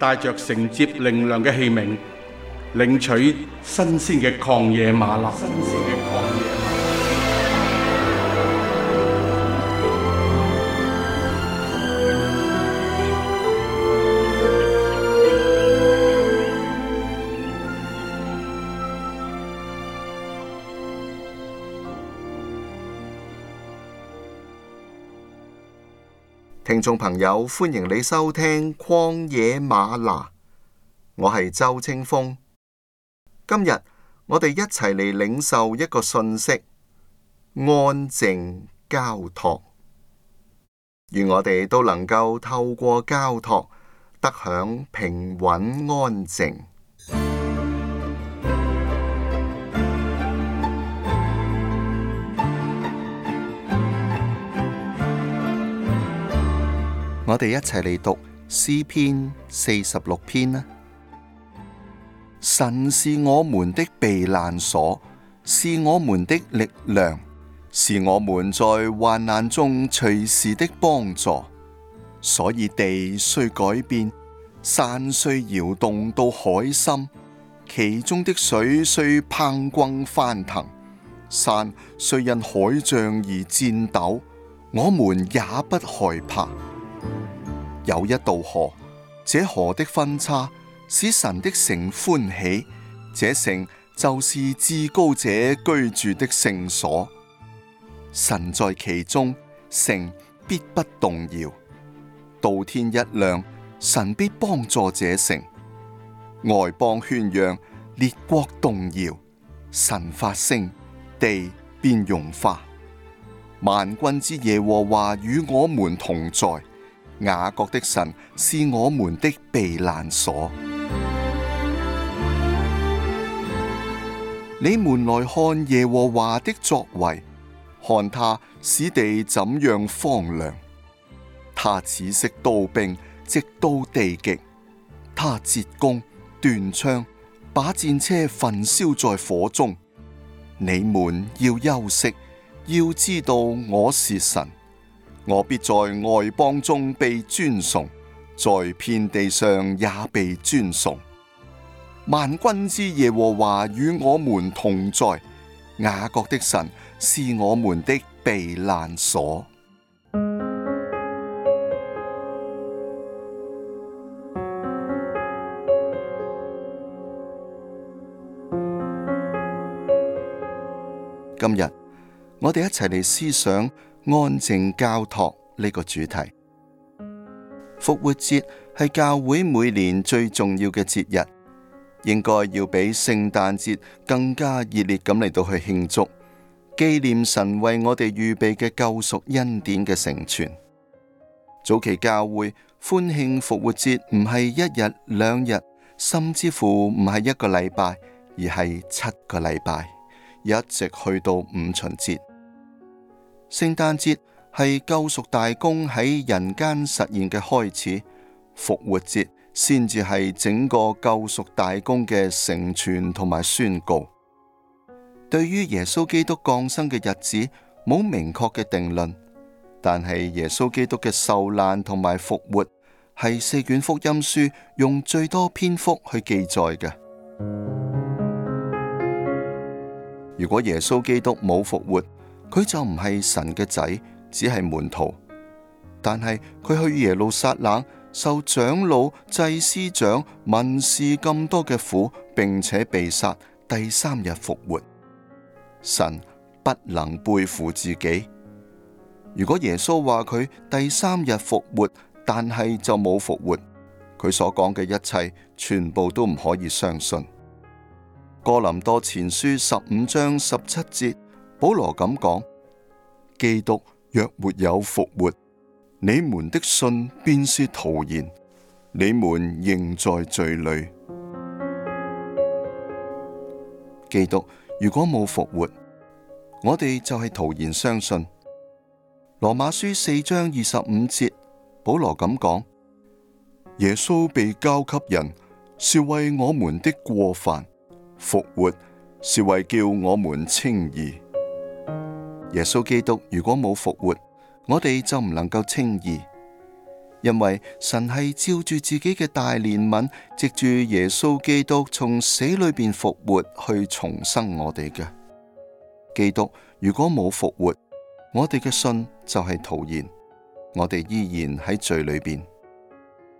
帶着承接靈糧嘅器皿，領取新鮮嘅曠野嗎哪。聽眾朋友，歡迎你收聽曠野嗎哪，我係周清風。今日我哋一齊嚟領受一個訊息：安靜交託。願我哋都能夠透過交託得享平穩安靜。我哋一齊嚟讀詩篇四十六篇啦。神是我們的避難所，是我們的力量，是我們在患難中隨時的幫助。所以地雖改變，山雖搖動到海心，其中的水雖匉訇翻騰，山雖因海漲而顫抖，我們也不害怕。有一道河，這河的分汊使神的城歡喜，這城就是至高者居住的聖所，神在其中，城必不動搖。到天一亮，神必幫助這城。外邦喧嚷，列國動搖，神發聲，地便融化。萬軍之耶和華與我們同在。雅各的神是我們的避難所。 你們來看耶和華的作為，看他使地怎樣荒涼。他止息刀兵，直到地極。他折弓斷槍，把戰車焚燒在火中。你們要休息，要知道我是神。我必在外邦中被尊崇，在遍地上也被尊崇。萬軍之耶和華與我們同在，雅各的神是我們的避難所。今日我哋一齊嚟思想。安靜交託呢個主題。復活節係教會每年最重要嘅節日，應該要比聖誕節更加熱烈咁嚟到去慶祝，紀念神為我哋預備嘅救贖恩典嘅成全。早期教會歡慶復活節唔係一日兩日，甚至乎唔係一個禮拜，而係七個禮拜，一直去到五旬節。聖誕節係救贖大工喺人間實現嘅開始，復活節先至係整個救贖大工嘅成全同埋宣告。對於耶穌基督降生嘅日子冇明確嘅定論，但係耶穌基督嘅受難同埋復活係四卷福音書用最多篇幅去記載嘅。如果耶穌基督冇復活，佢就唔係神嘅仔，只係門徒。但係佢去耶路撒冷受長老、祭司長、文士咁多嘅苦，並且被殺，第三日復活。神不能背負自己。如果耶穌話佢第三日復活，但係就冇復活，佢所講嘅一切全部都唔可以相信。哥林多前書十五章十七節。保羅咁講：基督若沒有復活，你們的信便是徒然，你們仍在罪裏。基督如果冇復活，我哋就係徒然相信。羅馬書四章二十五節，保羅咁講：耶穌被交給人，是為我們的過犯；復活，是為叫我們稱義。耶穌基督如果冇復活，我哋就唔能夠稱義，因為神係照住自己嘅大憐憫，藉住耶穌基督從死裏邊復活去重生我哋嘅。基督如果冇復活，我哋嘅信就係徒然，我哋依然喺罪裏邊。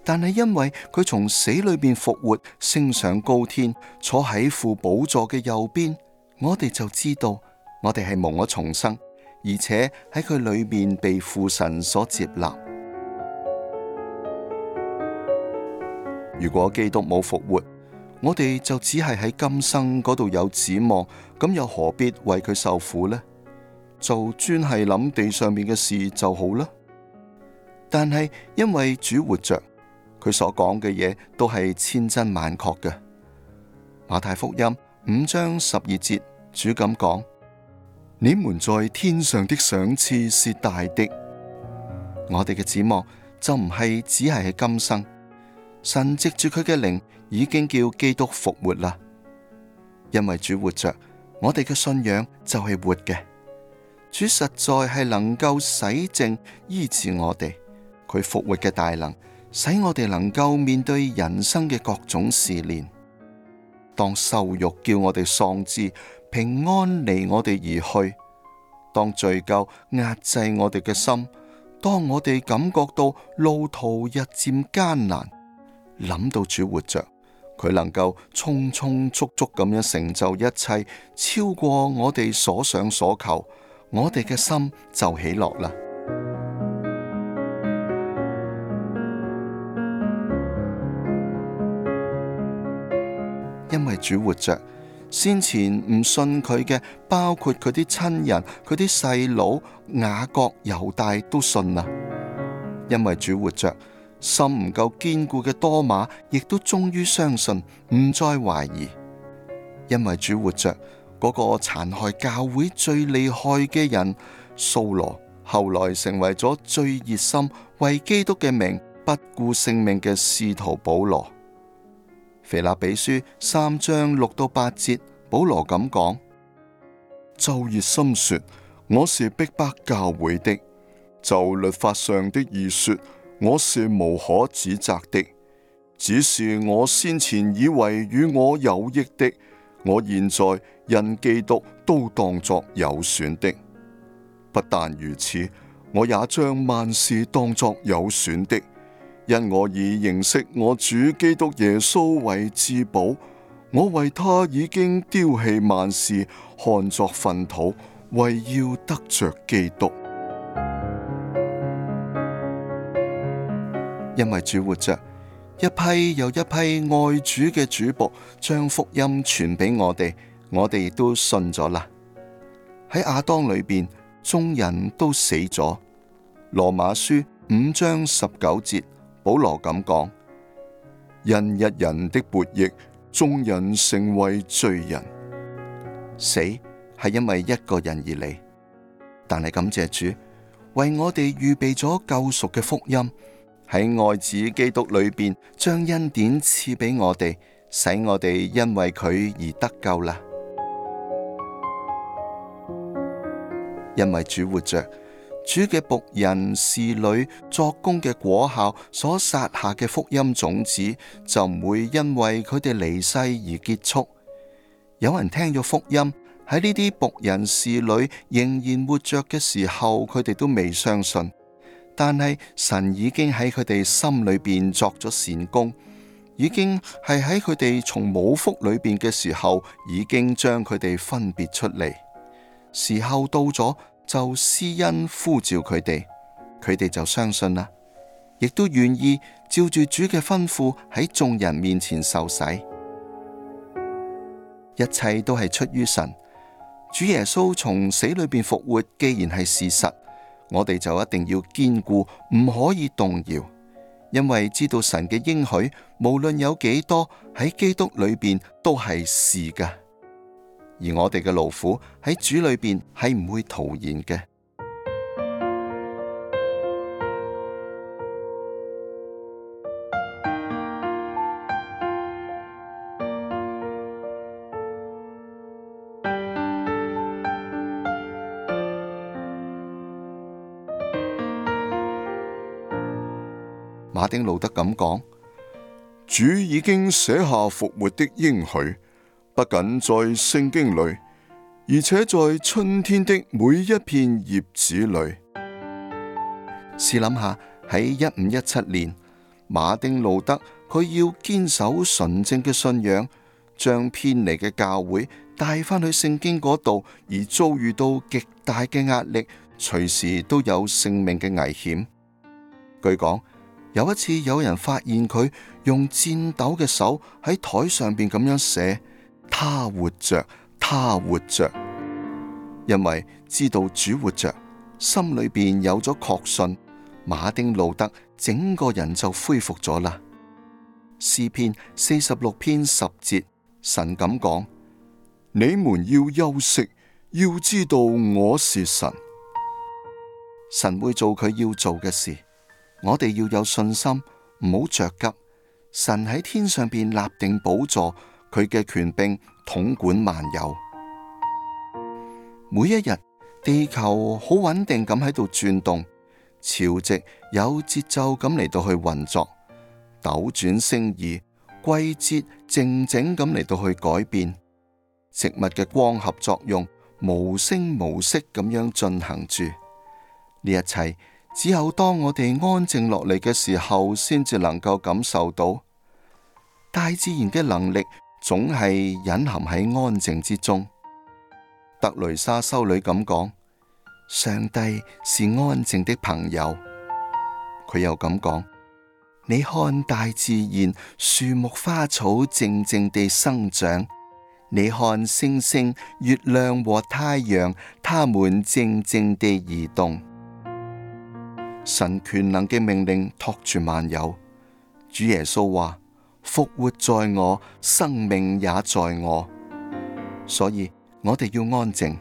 但係因為佢從死裏邊復活，升上高天，坐喺父寶座嘅右邊，我哋就知道。我哋係蒙咗重生，而且喺佢裏面被父神所接納。如果基督冇復活，我哋就只係喺今生嗰度有指望，咁又何必為佢受苦呢？就專係諗地上面嘅事就好啦。但係因為主活着，佢所講嘅嘢都係千真萬確嘅。馬太福音五章十二節主，主咁講。你們在天上的賞賜是大的。我哋嘅指望就唔係只係喺今生，神藉住佢嘅靈已經叫基督復活啦。因為主活着，我哋嘅信仰就係活嘅。主實在係能夠洗淨醫治我哋，佢復活嘅大能，使我哋能夠面對人生嘅各種試煉。當受辱叫我哋喪志，平安離我哋而去，當罪咎壓制我哋嘅心，當我哋感覺到路途日漸艱難，諗到主活着，佢能夠充充足足咁樣成就一切，超過我哋所想所求，我哋嘅心就起落啦。因為主活着。先前唔信佢嘅，包括佢啲親人、佢啲細佬、雅各、猶大都信啦，因為主活着。心唔夠堅固嘅多馬亦都終於相信，唔再懷疑，因為主活着。嗰、那個殘害教會最厲害嘅人掃羅，後來成為咗最熱心為基督嘅名不顧性命嘅使徒保羅。腓立比書三章六到八節，保羅咁講：就熱心說，我是逼迫教會的；就律法上的義說，我是無可指責的。只是我先前以為與我有益的，我現在因基督都當作有損的。不但如此，我也將萬事當作有損的。因我已認識我主基督耶穌為至寶，我為他已經丟棄萬事，看作糞土，為要得着基督。因為主活着，一批又一批愛主嘅主僕將福音傳俾我哋，我哋都信咗啦。喺亞當裏邊，眾人都死咗。羅馬書五章十九節。保羅咁講：人一人的悖逆，眾人成為罪人；死係因為一個人而嚟。但係感謝主，為我哋預備咗救贖嘅福音，喺愛子基督裏邊，將恩典賜俾我哋，使我哋因為佢而得救啦。因為主活着。主嘅僕人侍女作工嘅果效，所撒下嘅福音種子就唔會因為佢哋離世而結束。有人聽咗福音，喺呢啲僕人侍女仍然活着嘅時候，佢哋都未相信，但係神已經喺佢哋心裏邊作咗善工，已經係喺佢哋從母腹裏邊嘅時候，已經將佢哋分別出嚟。時候到咗。就施恩呼召佢哋，佢哋就相信啦，亦都願意照住主嘅吩咐喺眾人面前受洗。一切都係出於神，主耶穌從死裏邊復活，既然係事實，我哋就一定要堅固，唔可以動搖，因為知道神嘅應許無論有幾多喺基督裏邊都係是噶。而我哋嘅勞苦喺主裏邊係唔會徒然嘅。馬丁路德咁講：主已經寫下復活的應許。不僅在聖經裡，而且在春天的每一片葉子裡。試諗下喺一五一七年，馬丁路德佢要堅守純正嘅信仰，將偏離嘅教會帶翻去聖經嗰度，而遭遇到極大嘅壓力，隨時都有性命嘅危險。據講，有一次有人發現佢用顫抖嘅手喺台上邊咁樣寫。他活着，他活着，因為知道主活着，心裏邊有咗確信，馬丁路德整個人就恢復咗啦。詩篇四十六篇十節，神咁講：你們要休息，要知道我是神。神會做佢要做嘅事。我哋要有信心，唔好着急。神喺天上邊立定寶座。佢嘅權柄統管萬有，每一日地球好穩定咁喺度轉動，潮汐有節奏咁嚟到去運作，斗轉星移，季節靜靜咁嚟到去改變，植物嘅光合作用無聲無息咁樣進行住，呢一切只有當我哋安靜落嚟嘅時候，先至能夠感受到大自然嘅能力。總係隱含喺安靜之中。特雷莎修女咁講：上帝是安靜的朋友。佢又咁講：你看大自然，樹木花草靜靜地生長；你看星星、月亮和太陽，它們靜靜地移動。神權能嘅命令托住萬有。主耶穌話：復活在我，生命也在我，所以我哋要安靜，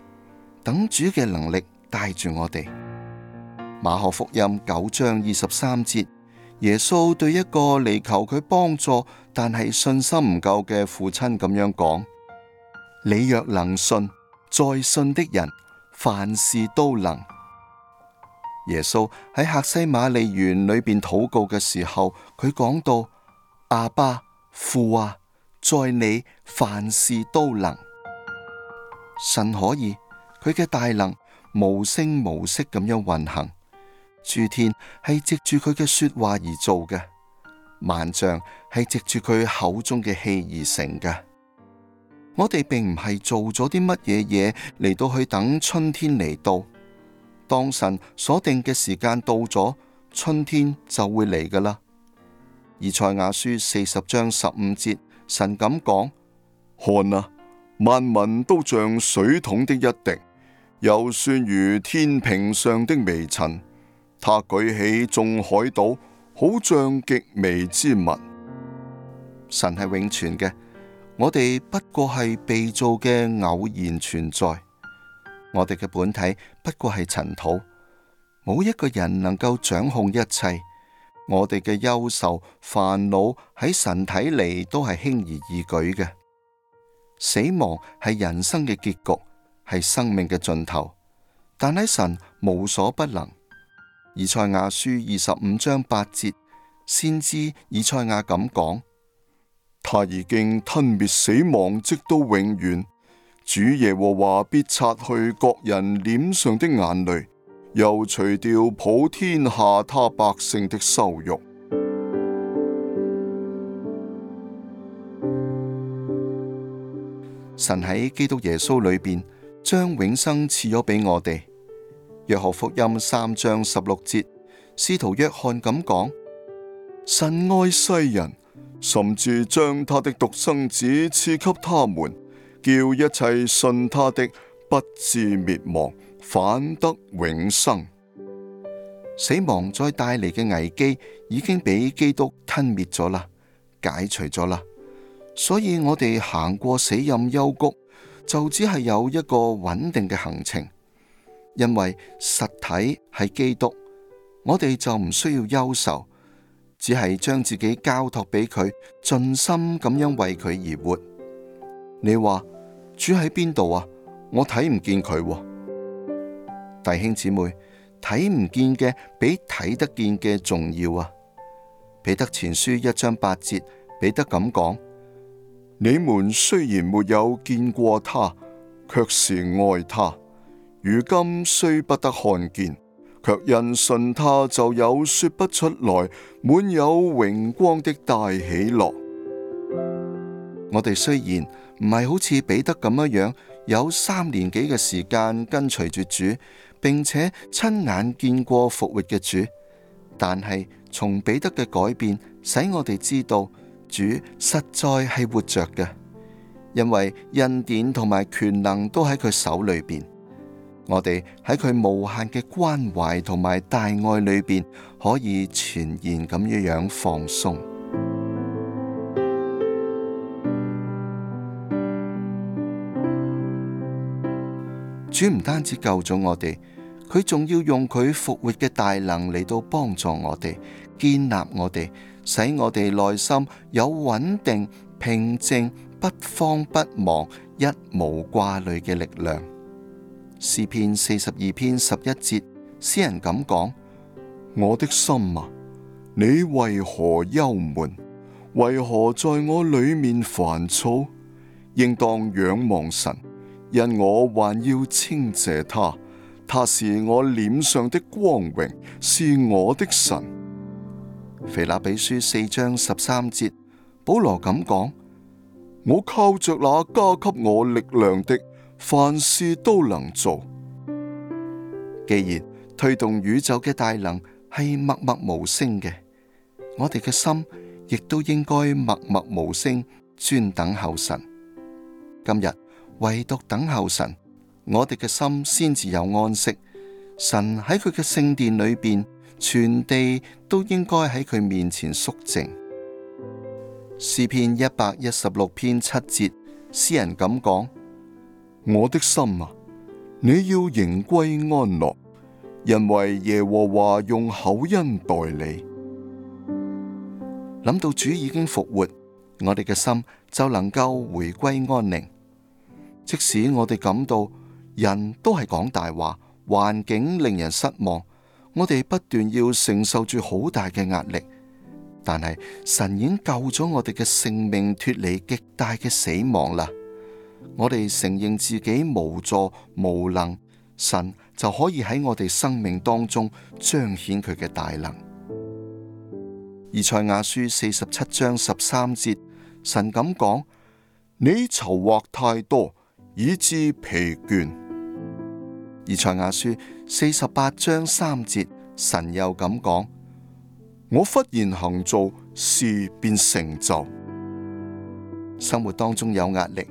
等主嘅能力帶住我哋。馬可福音九章二十三節，耶穌對一個嚟求佢幫助，但係信心唔夠嘅父親咁樣講：你若能信，在信的人凡事都能。耶穌喺客西馬利園裏邊禱告嘅時候，佢講到。阿爸父啊，在你凡事都能，神可以佢嘅大能無聲無息咁樣運行，諸天係藉住佢嘅說話而做嘅，萬象係藉住佢口中嘅氣而成嘅。我哋並唔係做咗啲乜嘢嘢嚟到去等春天嚟到，當神所定嘅時間到咗，春天就會嚟噶啦。而以賽亞書四十章十五節，神咁講：看啊，萬民都像水桶的一滴，又算如天平上的微塵。他舉起眾海島，好像極微之物。神係永存嘅，我哋不過係被造嘅偶然存在。我哋嘅本體不過係塵土，冇一個人能夠掌控一切。我哋嘅憂愁、煩惱喺神睇嚟都係輕而易舉嘅。死亡係人生嘅結局，係生命嘅盡頭，但喺神無所不能。以賽亞書二十五章八節，先知以賽亞咁講：他已經吞滅死亡，直到永遠。主耶和華必擦去各人臉上的眼淚。又除掉普天下他百姓的羞辱。神喺基督耶穌裏邊，將永生賜咗俾我哋。約翰福音三章十六節，使徒約翰咁講：神愛世人，甚至將他的獨生子賜給他們，叫一切信他的，不至滅亡。反得永生，死亡再帶嚟嘅危機已經俾基督吞滅咗啦，解除咗啦。所以我哋行過死蔭幽谷，就只係有一個穩定嘅行程，因為實體係基督，我哋就唔需要憂愁，只係將自己交託俾佢，盡心咁樣為佢而活。你話主喺邊度啊？我睇唔見佢。弟兄姊妹，睇唔見嘅比睇得見嘅重要啊！彼得前書一章八節，彼得咁講：你們雖然沒有見過他，卻是愛他；如今雖不得看見，卻因信他就有說不出來滿有榮光的大喜樂。我哋雖然唔係好似彼得咁樣，有三年幾嘅時間跟隨住主。並且親眼見過復活嘅主，但係從彼得嘅改變，使我哋知道主實在係活着嘅，因爲恩典同埋權能都喺佢手裏邊。我哋喺佢無限嘅關懷同埋大愛裏邊，可以全然咁樣樣放鬆。主唔單止救咗我哋，佢仲要用佢復活嘅大能嚟到幫助我哋，建立我哋，使我哋內心有穩定、平靜、不慌不忙、一無掛慮嘅力量。詩篇四十二篇十一節，詩人咁講：我的心啊，你為何憂悶？為何在我裏面煩躁？應當仰望神。因我還要稱謝他，他是我臉上的光榮，是我的神。腓立比書四章十三節，保羅咁講：我靠着那加給我力量的，凡事都能做。既然推動宇宙嘅大能係默默無聲嘅，我哋嘅心亦都應該默默無聲，專等候神。今日。唯獨等候神，我哋嘅心先至有安息。神喺佢嘅聖殿裏邊，全地都應該喺佢面前肅靜。詩篇一百一十六篇七節，詩人咁講：我的心啊，你要仍歸安樂，因為耶和華用厚恩待你。諗到主已經復活，我哋嘅心就能夠回歸安寧。即使我哋感到人都係講大話，環境令人失望，我哋不斷要承受住好大嘅壓力，但係神已經救咗我哋嘅性命脫離極大嘅死亡啦。我哋承認自己無助無能，神就可以喺我哋生命當中彰顯佢嘅大能。而賽亞書四十七章十三節，神咁講：你籌劃太多。以致疲倦。而《賽亞書》四十八章三節，神又咁講：我忽然行做，事便成就。生活當中有壓力，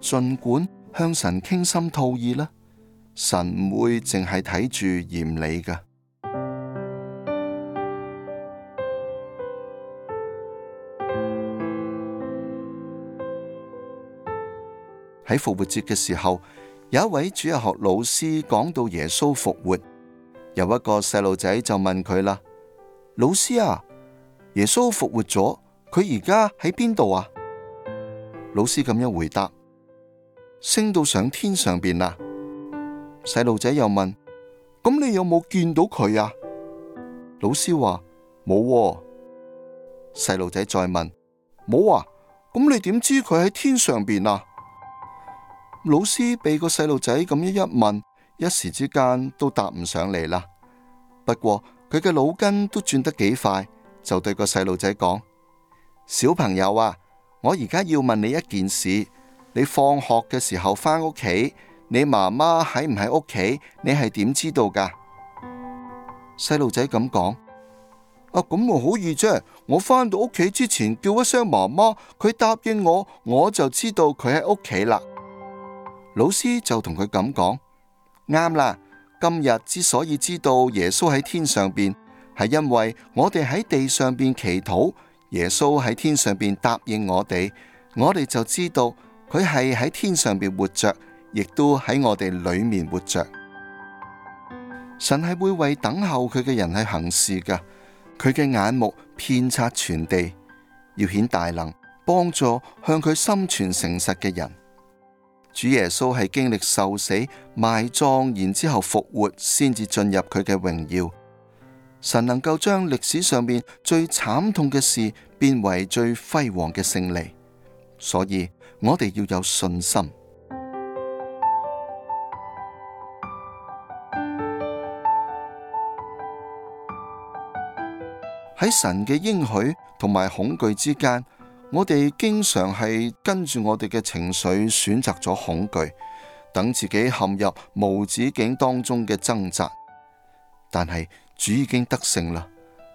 盡管向神傾心吐意啦，神唔會淨係睇住嫌你㗎。喺復活節嘅時候，有一位主日學老師講到耶穌復活，有一個細路仔就問佢啦：老師啊，耶穌復活咗，佢而家喺邊度啊？老師咁樣回答：升到上天上邊啦。細路仔又問：咁你有冇見到佢啊？老師話：冇。細路仔再問：冇啊？咁你點知佢喺天上邊啊？老師俾個細路仔咁樣一問，一時之間都答唔上嚟啦。不過佢嘅腦筋都轉得幾快，就對個細路仔講，小朋友啊，我而家要問你一件事，你放學嘅時候返屋企，你媽媽喺唔喺屋企？你係點知道噶？細路仔咁講，啊，咁我好易啫，啊，我返到屋企之前叫一聲媽媽，佢答應我，我就知道佢喺屋企啦。老師就同佢咁講，啱啦。今日之所以知道耶穌喺天上邊，係因為我哋喺地上邊祈禱，耶穌喺天上邊答應我哋，我哋就知道佢係喺天上邊活着，亦都喺我哋裏面活着。神係會為等候佢嘅人去行事噶，佢嘅眼目遍察全地，要顯大能，幫助向佢心存誠實嘅人。主耶穌係經歷受死、埋葬，然之後復活，先至進入佢嘅榮耀。神能夠將歷史上面最慘痛嘅事變為最輝煌嘅勝利，所以我哋要有信心。喺神嘅應許同埋恐懼之間。我哋經常係跟住我哋嘅情緒選擇咗恐懼，等自己陷入無止境當中嘅掙扎。但係主已經得勝啦，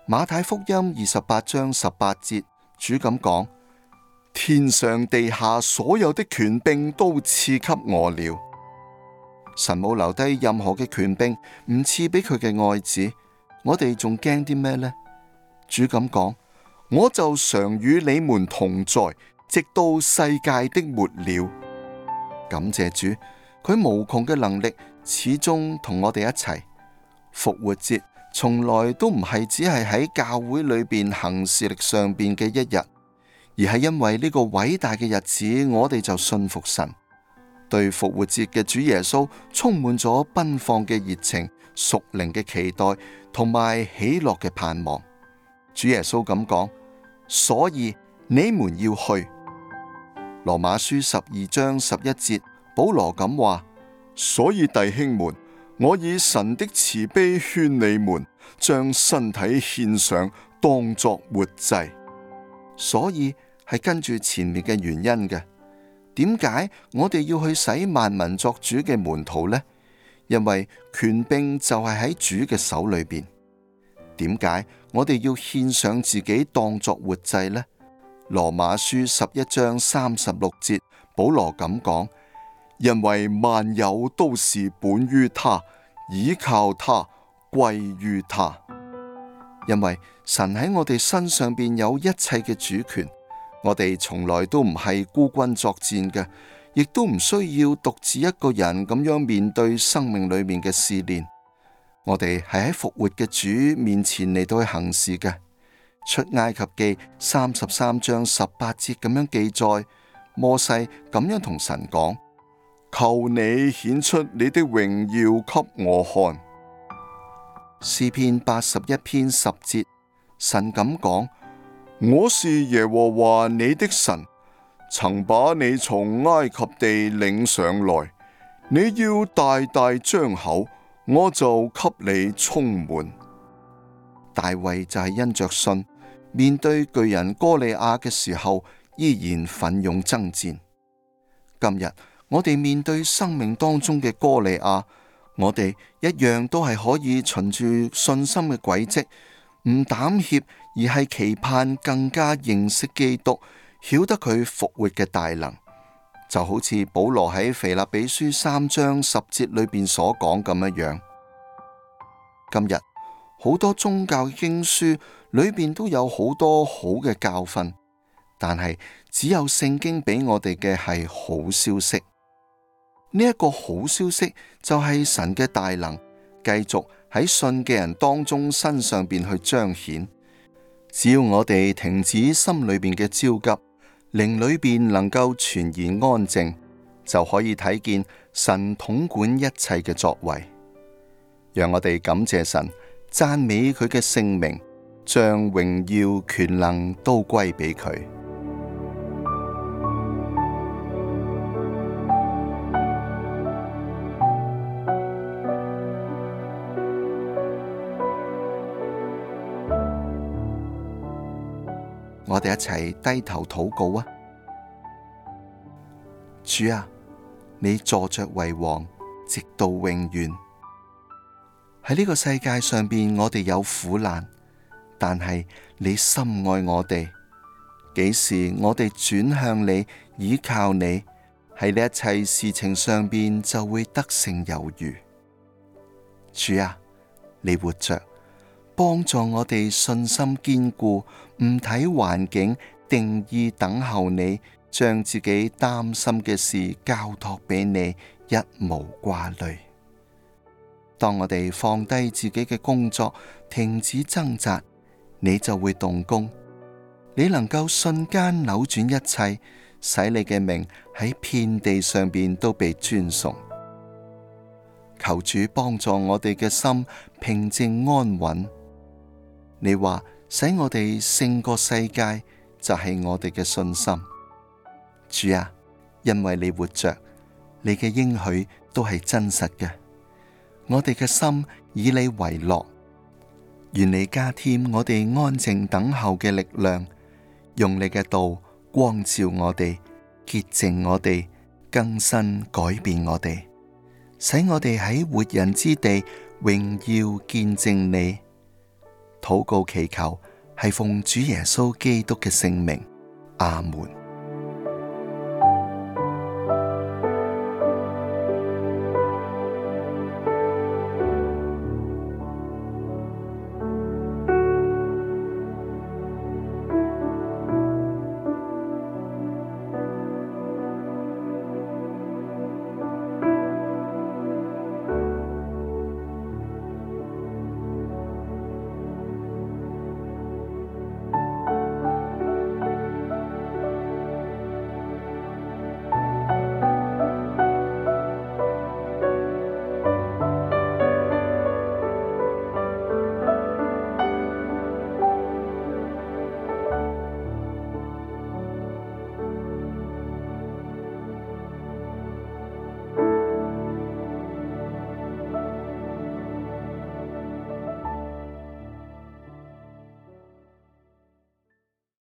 《馬太福音》二十八章十八節，主咁講：天上地下所有的權柄都賜給我了。神冇留低任何嘅權柄，唔賜俾佢嘅愛子。我哋仲驚啲咩呢？主咁講。我就常與你們同在，直到世界的末了。感謝主，佢無窮嘅能力始終同我哋一齊。復活節從來都唔係只係喺教會裏邊行事力上邊嘅一日，而係因為呢個偉大嘅日子，我哋就信服神。對復活節嘅主耶穌充滿咗奔放嘅熱情、屬靈嘅期待同埋喜樂嘅盼望。主耶穌咁講，所以你們要去。羅馬書十二章十一節，保羅咁話：所以弟兄們，我以神的慈悲勸你們，將身體獻上，當作活祭。所以係跟住前面嘅原因嘅。點解我哋要去使萬民作主嘅門徒呢？因為權柄就係喺主嘅手裏邊。點解我哋要獻上自己當作活祭呢？羅馬書十一章三十六節，保羅咁講：因為萬有都是本於他，倚靠他，歸於他。因為神喺我哋身上邊有一切嘅主權，我哋從來都唔係孤軍作戰嘅，亦都唔需要獨自一個人咁樣面對生命裏面嘅試煉。」我哋係喺復活嘅主面前嚟到去行事嘅。出埃及記三十三章十八節咁樣記載，摩西咁樣同神講：求你顯出你的榮耀給我看。詩篇八十一篇十節，神咁講：我是耶和華你的神，曾把你從埃及地領上來，你要大大張口。我就給你充滿。大衛就係因着信，面對巨人哥利亞嘅時候，依然奮勇爭戰。今日我哋面對生命當中嘅哥利亞，我哋一樣都係可以循住信心嘅軌跡，唔膽怯，而係期盼更加認識基督，曉得佢復活嘅大能。就好似保羅喺腓立比書三章十節裏邊所講咁一樣，今。今日好多宗教經書裏邊都有好多好嘅教訓，但係只有聖經俾我哋嘅係好消息。呢、這、一個好消息就係神嘅大能繼續喺信嘅人當中身上邊去彰顯。只要我哋停止心裏邊嘅焦急。靈裏面能夠全然安靜，就可以睇見神統管一切嘅作為。讓我哋感謝神，讚美佢嘅聖名，將榮耀權能都歸俾佢。我哋一齊低頭禱告啊！主啊，你坐着為王，直到永遠。喺呢個世界上邊，我哋有苦難，但係你深愛我哋。幾時我哋轉向你，依靠你，喺呢一切事情上邊就會得勝有餘。主啊，你活着。幫助我哋信心堅固，唔睇環境，定意等候你，將自己擔心嘅事交託俾你，一無掛慮。當我哋放低自己嘅工作，停止掙扎，你就會動工。你能夠瞬間扭轉一切，使你嘅名喺遍地上邊都被尊崇。求主幫助我哋嘅心平靜安穩。你話使我哋勝過世界，就係我哋嘅信心。主啊，因為你活着，你嘅應許都係真實嘅。我哋嘅心以你為樂，願你加添我哋安靜等候嘅力量，用你嘅道光照我哋，潔淨我哋，更新改變我哋，使我哋喺活人之地榮耀見證你。禱告祈求，係奉主耶穌基督嘅聖名，阿門。